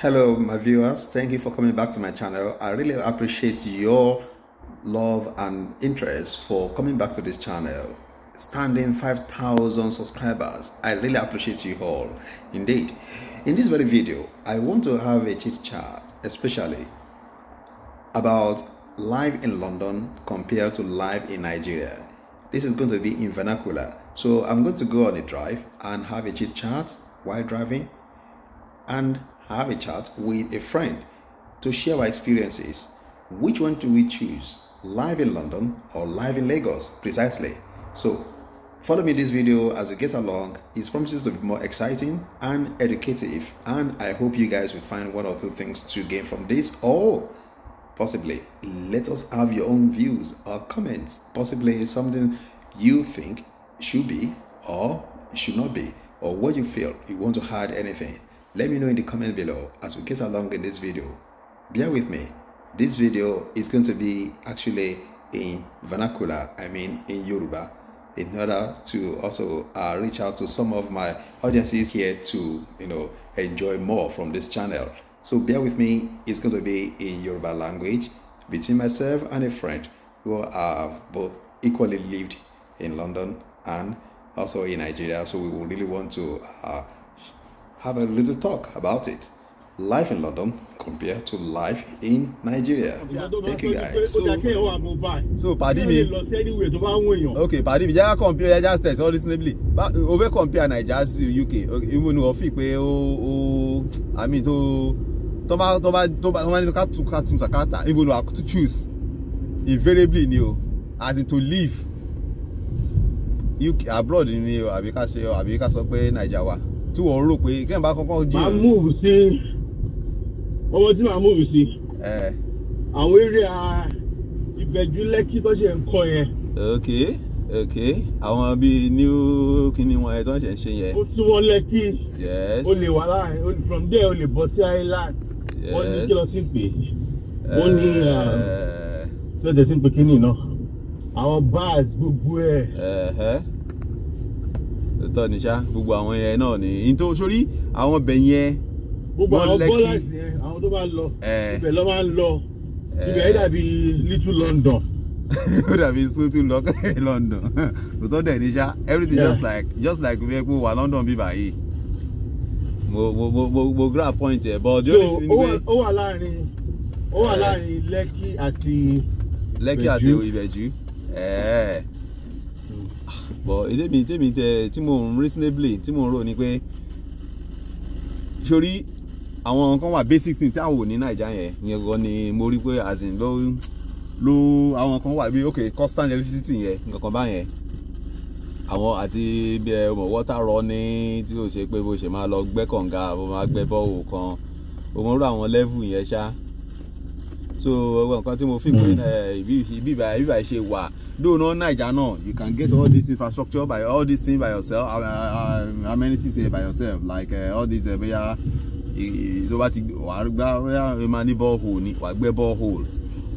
Hello, my viewers. Thank you for coming back to my channel. I really appreciate your love and interest for coming back to this channel. Standing 5,000 subscribers. I really appreciate you all. Indeed. In this very video, I want to have a chit chat, especially about life in London compared to life in Nigeria. This is going to be in vernacular. So I'm going to go on a drive and have a chit chat while driving and I have a chat with a friend to share our experiences. Which one do we choose? Live in London or live in Lagos? Precisely. So, follow me this video as we get along. It promises to be more exciting and educative, and I hope you guys will find one or two things to gain from this, or possibly let us have your own views or comments. Possibly something you think should be or should not be, or what you feel you want to add anything. Let me know in the comment below as we get along in this video. Bear with me. This video is going to be actually in vernacular, I mean in Yoruba, in order to also uh, reach out to some of my audiences here to, you know, enjoy more from this channel. So bear with me, it's going to be in Yoruba language between myself and a friend who have both equally lived in London and also in Nigeria. So we will really want to uh, have a little talk about it. Life in London compared to life in Nigeria. Thank you guys. So, so pàdí mi. Okay, pàdí mi, jẹ́ ká compare Naija test all reasonably. O fẹ́ compare Naija sí UK, even o fi pé o o I mean to tó bá tó bá tó bá tó bá ní ká tún ká tún sàkátà even o to choose invariably ni o as in to live UK abroad ni o àbí ká ṣe o àbí ká sọ pé Naija wà tí wọ́n rò pé kí n bá kọ́kọ́ jí. máa múùbù sí owó tí màá múùbù sí. àwọn eré ìbẹ̀jú lẹ́kí tó ṣe ń kọ́ yẹn. ok ok àwọn bíi new kíní wọn ẹ tó ń ṣe ń ṣe yẹn. ó tún wọn lẹ́kí. yes o lè wà láàrin from there o lè bọ́ sí island. yes wọ́n ní kí lọ sí pé wọ́n ní tí wọ́n um, tẹ̀sí pé kíní náà àwọn bars gbogbo ẹ̀ òótọ́ ni ṣá gbogbo àwọn yẹn náà ni n tó sórí àwọn ọbẹ̀ yẹn gbogbo àwọn bọ́lá yẹn àwọn tó bá lọ ibẹ̀ lọ́ máa ń lọ ibẹ̀ yẹn dàbí little London ó dàbí sótú lọ́kẹ́ London òótọ́ dẹ̀ ní ṣá everything yeah. just like just like bí ẹ pé wà London bí báyìí mo mo mo mo mo grab point ẹ but the only thing wey. ó wà láàrin ó wà láàrin Lekki àti. Lekki àti Ìbẹ̀jú but èdèmí tèmi tẹ tí mò ń reasonably tí mò ń rò ni pé sórí àwọn nǹkan wà basic thing tí àwọn ò ní nàìjà yẹn yẹn gan ni mo rí pé as in ló ló àwọn nǹkan wà bí okay constant electricity yẹn nǹkan kan báyẹn àwọn àti bí ẹ mọ̀ water running tí o ṣe pé bó ṣe máa lọ gbẹ́ kànga bó máa gbẹ́ bọ́ọ̀wù kan òun rú àwọn level yẹn ṣáá so well, gbogbo nǹkan tí mo fi pé hmm. eh, ibi ìbà ibi ìbà ṣe wà dóònà naija náà you can get all this infrastructure by all these things by yourself uh, uh, amenities here by yourself like uh, all these eh, bóyá tó bá ti wà gbá bóyá máa ní borehole ni wà gbẹ́ borehole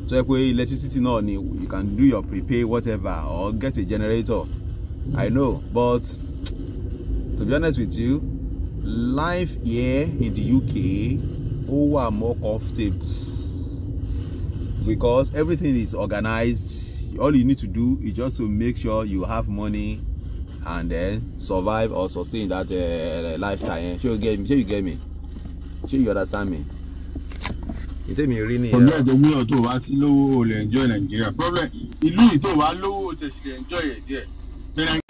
tó yẹ pé electricity náà ni you can do your prepay whatever or get a generator i know but to be honest with you life here in the UK ó wà more comfortable because everything is organized all you need to do is just to make sure you have money and then survive or sustain that uh, lifestyle Sure eh? you get me Sure you get me Sure you understand me You tell me, really? ọjọ́ ìjọba yóò tó wá sí lówó olè ẹ̀jọ́ problem ìlú yìí tó wá lówó tẹ̀sílẹ̀ ẹ̀jọ́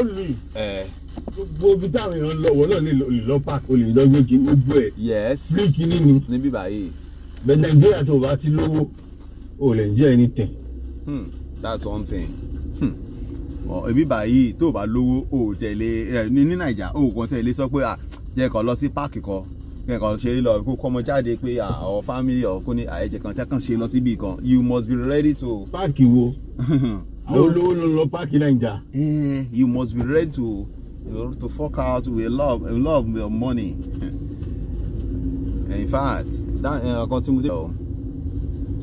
lù gbogbo ibi táwọn èèyàn lọ náà lè lọ park olè gbogbo ẹ̀ bí kíní ni níbí báyìí bẹ nàìjíríà tó bá ti lówó o lè jẹ anything. Hmm, that's one thing. Hmm báyìí tó bá lówó o tẹ̀lé ní nàìjà o kàn tẹ̀lé sọ pé jẹ́ kàn lọ sí páàkì kan jẹ́ kàn ṣe lọ kó kọ́mọ jáde pé ọ̀ fámìlì ọ̀ kó tẹ́kàn ṣe lọ síbi kan you must be ready to. páàkì wo. olówó ló lọ páàkì naija. Eh, you must be ready to to fork out with a lot a lot of money in fact that eh, nǹkan tí mo dé.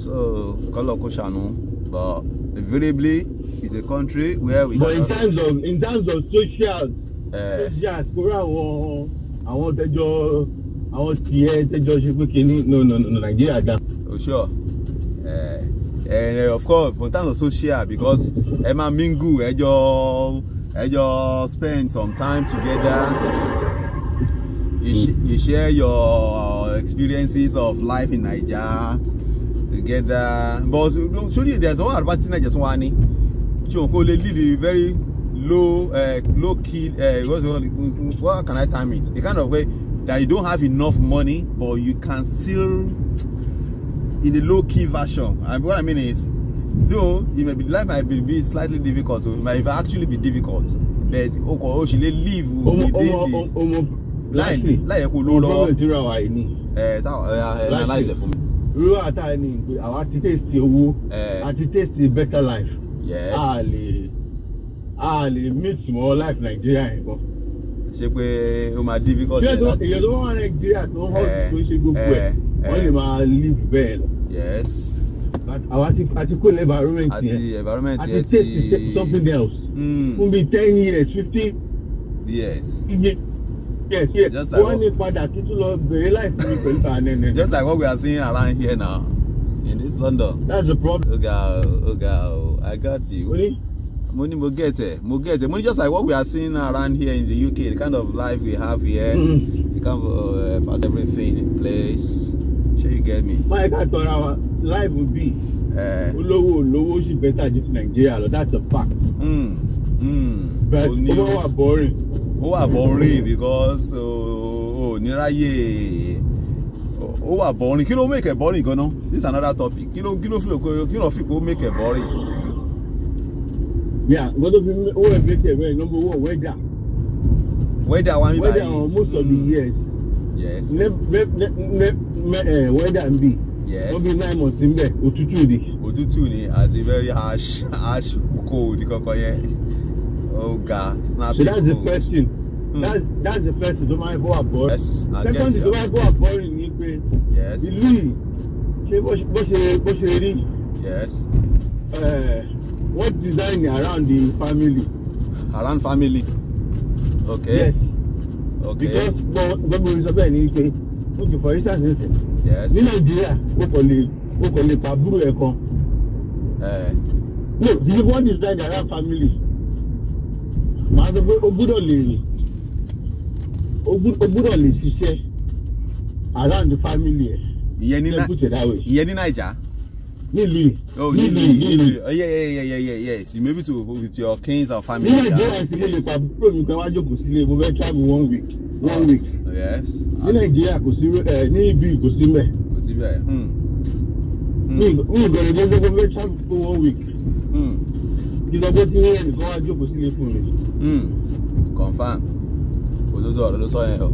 so kọ́lọ̀ kó ṣàánú but invariably it's a country where we. but in terms of in terms of social. Uh, social kórè àwọn àwọn tẹjọ àwọn tiẹ̀ tẹjọ ṣe pé kínní no no no Nigeria. dá. o oh, sure. Uh, and eh, of course for also share because ẹ máa mingle ẹ jọ ẹ spend some time together you, you share your experiences of life in Naija together but surely there's one advantage Naija Just one, ní ṣé o lead a very low uh, low key uh, what's what can I term it the kind of way that you don't have enough money but you can still in a low-key version and what i mean is though it may be life might be, be slightly difficult o it might actually be difficult but o kò o sì lè live with the daily láì láì yẹ kó ló lọ ẹ táwọn ẹ analyze ẹ fún mi. irú àtàrà ni àwa ti tẹ̀sí owó àti eh. tẹ̀sí better life a lè a lè meet mọ́ life Nigeria yẹn bọ́ ṣe pé ó máa difficult. ìyẹn tó wà Nàìjíríà tó ń hàn eh, tó ń ṣe gbogbo ẹ̀. Eh wọ́n lè máa live bẹ́ẹ̀ lọ. yes. àwọn àti àti kò ní environment yẹn àti environment yẹn ti àti take to something else. Hmm. fún bíi ten years fifteen. yes. yes yes just like wọ́n ní padà tuntun lọ bẹ̀rẹ̀ láìpẹ́ pẹ̀lú àánẹ́nẹ́. just like what we are seeing around here now in this London. that's the problem. oga oh oga oh, oh i got you. Really? mo ní mo get it mo get it mo ní just like what we are seeing around here in the UK the kind of life we have here mm -hmm. the kind of uh, fast everything in place ṣé you get me. báyìí ká tọ́ra wa láìpù bí eh. olówó olówó sì bẹ́tà jù ti nàìjíríà lọ that's a fact. Hmm, hmm. But ó wà boring. ó wà boring because ó níráyè ó wà boring kí ló make a boring gan-an this is another topic kí ló kí ló fi kí ló fi kó make a boring. yà nǹkan tó fi owó ẹ̀ make it boring number one weather. weather wa mi báyìí weather most of the hmm. years. yes wẹ́dà ń Yes. wọ́n bí nine months ń bẹ̀ òtútù ni. òtútù ni àti very harsh harsh cold kankan yẹn ó ga snapping cold. so that's the first thing hmm. that's, that's the first thing tó máa Yes. fọwọ́ àbọ̀ rẹ̀ second thing tó máa ń fọwọ́ àbọ̀ Yes. ni pé ìlú yìí ṣe bó ṣe bó ṣe rí what design around the family. around family okay. yes okay. because gbọ́dọ̀ mi sọ bẹ́ẹ̀ ni pé okay for instance nísìn ní nàìjíríà o kò lè pa búrò ẹ̀ kan no the one is like that family màá sọ pé o gbúdọ̀ lè o gbúdọ̀ lè ṣiṣẹ́ around the family ẹ̀ ìyẹn ní ìyẹn ní naija. nílùú oh, yìí nílùú yìí nílùú yìí yeah yeah yeah yeah yes you maybe to with your kings and family. nílùú yìí ẹ̀sìn mi lè pa búrò mi kan wá jókòó sílé mo fẹ́ travel one week one week. Oh, yes. ní nàìjíríà kò sí ẹ eh, ní ibi kò sí mẹ. kò sí bẹ́ẹ̀. Hmm. Hmm. mi ìbẹ̀rẹ̀ ní gbogbo fẹ́ travel for one week. ìdọ́gbó hmm. tí wọ́n yẹ nìkan wá jókòó sílé fún mi. confam òdodo ọ̀rọ̀ ló sọ yẹn o.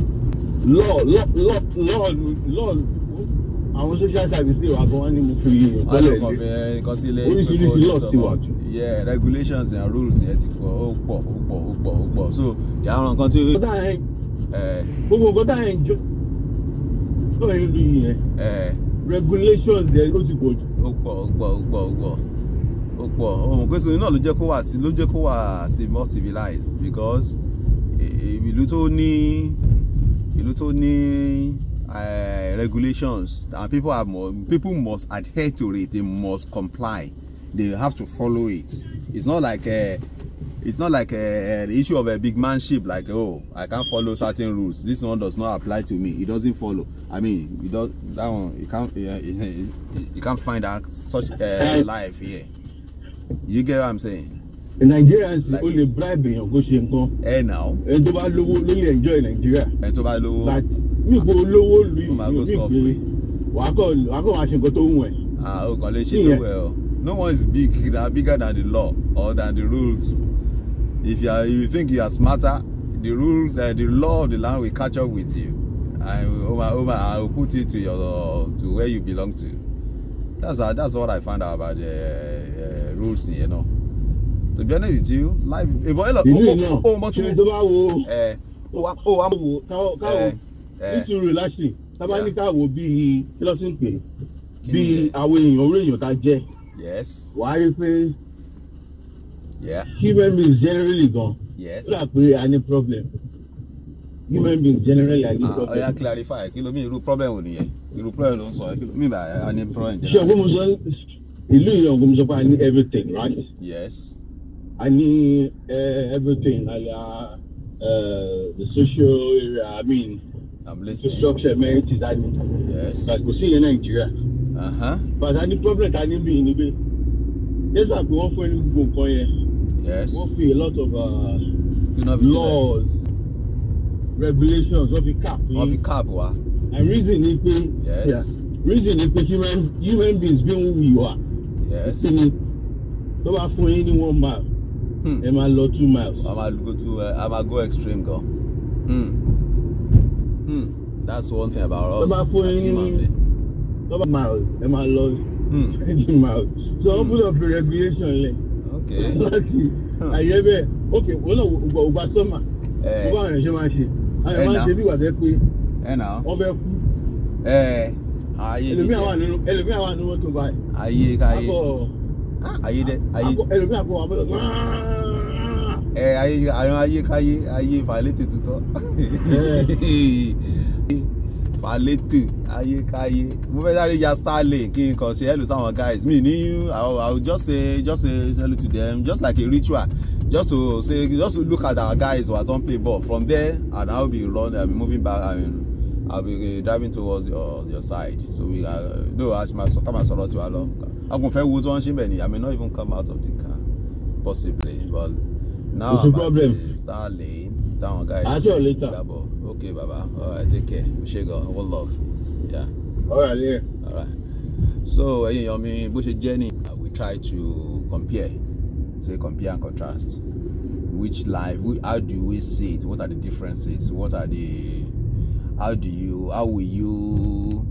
lọ́ọ̀ lọ́ọ̀ lọ́ọ̀ lọ́ọ̀ àwọn social services wà gan-an ni mo fi ìkọ́lẹ̀ eh, lé oríṣiríṣi lọ́ọ̀ ti wà jù. yeah regulations and rules yẹn ti pọ̀ ó pọ̀ ó pọ̀ ó pọ̀ so ìyá àwọn nǹkan tí gbogbo nǹkan tá à ń jọ náà ń lu yìnyẹn regulations yẹn ó ti pọ̀ jù. ó pọ̀ ó pọ̀ ó pọ̀ ó pọ̀ ó pọ̀ ohun pé sori náà ló jẹ́ kó wà sí ló jẹ́ kó wà sí more civilized because ìlú tó ní ìlú tó ní eh, regulations and people are more, people must adhere to it they must comply they have to follow it it's not like. Uh, it's not like a, eh, a, issue of a big manship like oh i can't follow certain rules this one does not apply to me it doesn't follow i mean it does that one you can't uh, eh, you eh, can't find that such uh, life here you get what i'm saying. The Nigerians like, o le bribe èèyàn kó ṣe nǹkan. ẹ nà ó. ẹni tó bá lówó ló lè enjoy nigeria. ẹni tó bá lówó. but mi kò lówó lu ìgbìmí wàá kọ wàá kọ wàá ṣe nǹkan tó wù ẹ. ah o kàn lè ṣe tó wù no one is big that bigger than the law or than the rules if you, are, you think you are smarter, the rules, uh, the law of the land will catch up with you. and will, oh over, oh I will put you to your to where you belong to. That's uh, that's what I found out about the uh, uh, rules, you know. To be honest with you, life. Ìbọn ẹlọ o o mọ tún. Ṣé tó bá wo? Ẹ eh, o oh, wa o wa. Káwo káwo nítorí láṣì tábà ní káwo bíi kí ló ti ń pè bíi àwọn èèyàn orí èèyàn tá jẹ́. Wàá rí pé. Yeah. Human beings generally gone. Yes. Ó dà pé a problem. Human beings generally a ní ah, problem. Ó yá clarify kí ló mi irú problem ò nìyẹn? Irú problem ló ń sọ kí ló mi bá a problem jẹ́. Ṣé ọgbọ́n mo sọ ìlú yìí ọgbọ́n mo sọ pé a everything right? Yes. A ní uh, everything àyà uh, the social area I mean I'm listening. the structure amenities uh-huh. a ní. Yes. Kò sí ìyẹn Nàìjíríà. Bàtà ní problem ta ní bí ní bí. Yẹ́sà pé wọ́n fún ẹni gbogbo nǹkan yẹn yes. wọ́n fi a lot of uh, laws regulations wọ́n be cap yín. be fi cap wa. and reason ni pé. yes. Yeah. reason ni pé human human beings bí wọ́n wù wá. yes. So tó for any one mile. Am hmm. I lọ two miles. a go to uh, a go extreme go. Hmm. Hmm. that's one thing about us. So bá for any ní Am I miles Hmm. máa lọ hmm. miles. so I'm put up a regulation lẹ́yìn. àyè bẹ́ẹ̀ ok wọ́n náà ògbà ògbà àwọn ẹ̀ṣẹ́ máa ṣe eh, àwọn máa ṣe bí wà tẹ́ pé eh, ọbẹ̀ kú eh, ẹlòmíà wà nínú ẹlòmíà wà nínú mọ́tò báyìí ayé káyé ayé dẹ ah, ayé ẹlòmíà kọ wà ẹ ayé ayé káyé ayé tọ́. fàlétò ayékáyé mo fẹ́ sáré ya starlink kí n kàn ṣe hello sáwọn guys mi ní i will just say just say hello to them just like a ritual just to say just to look at our guys who are don play ball from there and i will be run i will be moving back i mean i will be uh, driving towards your your side so we are No, uh, as my soccer man sọ̀rọ̀ tiwa lọ agun fẹ́ wo tí wọ́n ṣe bẹ̀ ni i may not even come out of the car possibly but now i'm at the star táwọn guys I'll show later okay baba alright take care ṣe gan one love yeah. alright yeah. alright so you know mi bó uh, we try to compare say compare and contrast which life how do we see it what are the differences what are the how do you how will you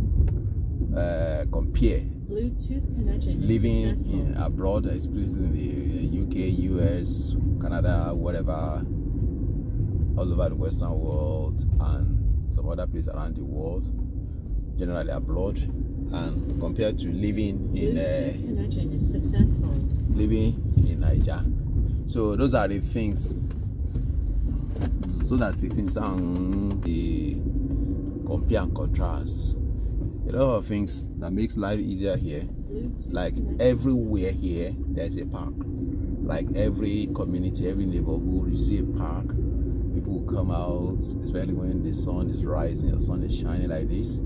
uh, compare living in abroad especially in the UK US Canada whatever all over the Western world and some other places around the world, generally abroad. And compared to living in uh, living in Nigeria, so those are the things. So that the things and the compare and contrast. A lot of things that makes life easier here. Like everywhere here, there's a park. Like every community, every neighborhood is a park people will come out, especially when the sun is rising or sun is shining like this.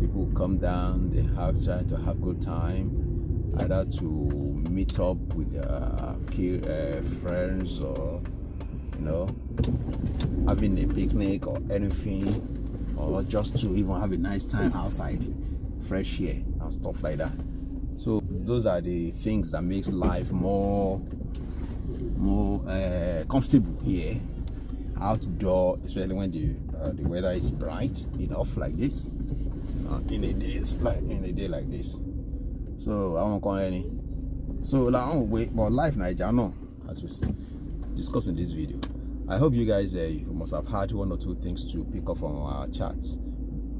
People will come down, they have trying to have good time, either to meet up with uh, uh, friends or, you know, having a picnic or anything, or just to even have a nice time outside, fresh air and stuff like that. So those are the things that makes life more more uh, comfortable here outdoor, especially when the uh, the weather is bright enough like this. Uh, in a day, like in a day like this. So I won't call any. So like, I won't wait, but life Niger no, as we are discuss in this video. I hope you guys uh, you must have had one or two things to pick up from our chats.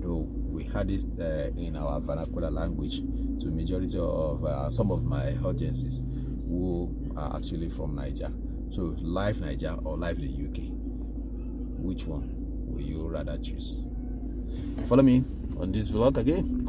Though we had it uh, in our vernacular language to majority of uh, some of my audiences who are actually from Niger. So live Niger or live the UK which one will you rather choose follow me on this vlog again